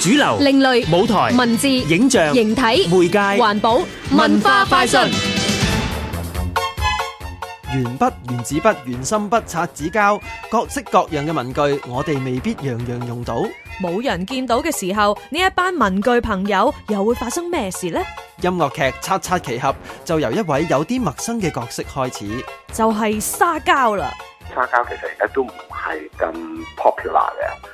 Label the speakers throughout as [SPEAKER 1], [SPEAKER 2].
[SPEAKER 1] 主流、另類、舞台、文字、影像、形體、媒介、環
[SPEAKER 2] 保、文化快訊。
[SPEAKER 1] 鉛筆、原子筆、鉛芯筆、擦紙膠，各式各樣嘅文具，我哋未必樣樣用到。
[SPEAKER 2] 冇人見到嘅時候，呢一班文具朋友又會發生咩事呢？
[SPEAKER 1] 音樂劇《擦擦奇俠》就由一位有啲陌生嘅角色開始，
[SPEAKER 2] 就係沙膠啦。
[SPEAKER 1] 沙膠其實
[SPEAKER 3] 而家都唔係咁 popular 嘅。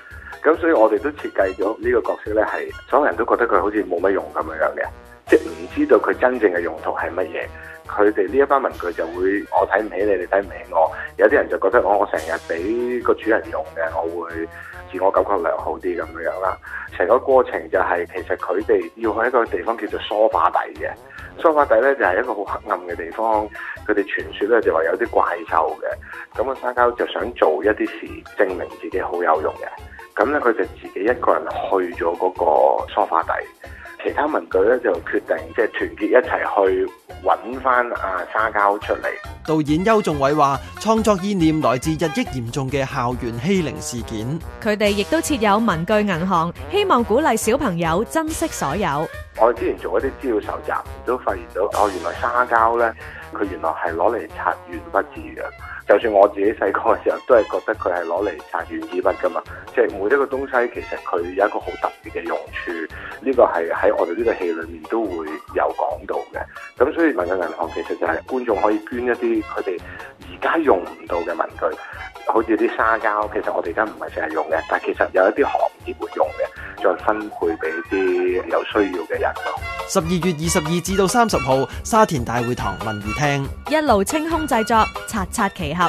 [SPEAKER 3] 咁所以，我哋都設計咗呢個角色呢，係所有人都覺得佢好似冇乜用咁樣樣嘅，即係唔知道佢真正嘅用途係乜嘢。佢哋呢一班文具就會，我睇唔起你，你睇唔起我。有啲人就覺得我，我我成日俾個主人用嘅，我會自我感覺良好啲咁樣啦。成個過程就係、是、其實佢哋要去一個地方叫做梳化底嘅。梳化底咧就係、是、一個好黑暗嘅地方，佢哋傳説咧就話、是、有啲怪獸嘅，咁、嗯、啊沙膠就想做一啲事證明自己好有用嘅，咁咧佢就自己一個人去咗嗰個梳化底，其他文具咧就決定即係團結一齊去揾翻啊沙膠出嚟。
[SPEAKER 1] 導演邱仲偉話，創作意念來自日益嚴重嘅校園欺凌事件。
[SPEAKER 2] 佢哋亦都設有文具銀行，希望鼓勵小朋友珍惜所有。
[SPEAKER 1] 我之前
[SPEAKER 3] 做一啲資料搜集，
[SPEAKER 1] 都發現
[SPEAKER 3] 到，哦，原來沙膠咧，佢原來係攞嚟擦鉛筆字嘅。就算我自己細個嘅時候，都係覺得佢係攞嚟擦原子筆噶嘛。即係每一個東西，其實佢有一個好特別嘅用處。呢個係喺我哋呢個戲裏面都會有講到。咁所以民間銀行其實就係觀眾可以捐一啲佢哋而家用唔到嘅文具，好似啲沙膠，其實我哋而家唔係成日用嘅，但係其實有一啲行業會用嘅，再分配俾啲有需要嘅人。十
[SPEAKER 1] 二月二十二至到三十號，沙田大會堂文娛廳，
[SPEAKER 2] 一路清空製作《拆拆奇盒》。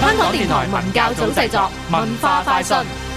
[SPEAKER 2] 香港電台文教組製作文化快訊。